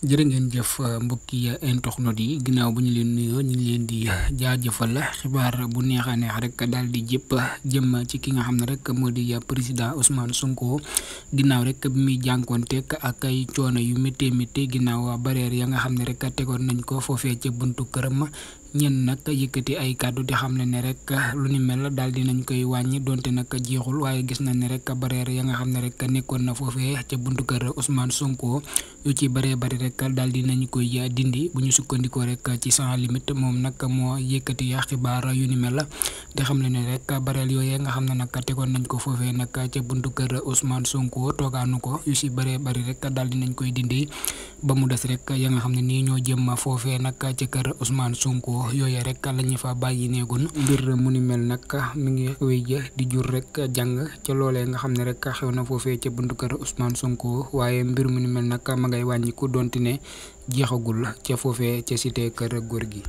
jërë ngeen jëf ya euh, euh, internet yi ginnaaw bu ñu leen nuyoo ñu leen di euh, jaajëfal xibaar bu neex a neex rek daal di jëpp jëm ci ki nga xam ne rek moo di président Ousmane Sonko ginnaaw rek bi muy jànkoonteeg ak ay coono yu méttee méttee ginnaaw bareer ya nga xam ne rek tegoon nañ ko foofee ca buntu këram ñenn nag yëkkati ay kàddu di xam ne ne rek lu ni mel daal nañ koy wàññi donte nag jeexul waaye gis nañ ne rek barrière ya nga xam ne rek nekkoon na foofee ca buntu kër Ousmane Sonko yu ci baree bari rek daal dinañ koy dindi bu ñu sukkandikoo rek ci sans limite moom nag moo yëkkati xibaar yu ni mel di xam ne ne rek barrière yooyu nga xam ne nag tegoon nañ ko foofee nag ca kër Ousmane Sonko toogaanu ko yu si baree bari rek daal dinañ koy dindi. ba mu des rek ya nga xam ne nii ñoo jëm foofee nag ci kër Ousmane Sonko yooyee rek la ñu fa bàyyi néegun mbir mu ni mel nag mu ngi wéy ja di jur rek jàng ca loolee nga xam ne rek xew na foofee ca buntu kër Ousmane Sonko waaye mbir mu ni mel nag ma ngay wàññiku donte ne jeexagul ca foofee ca cité kër góor gi.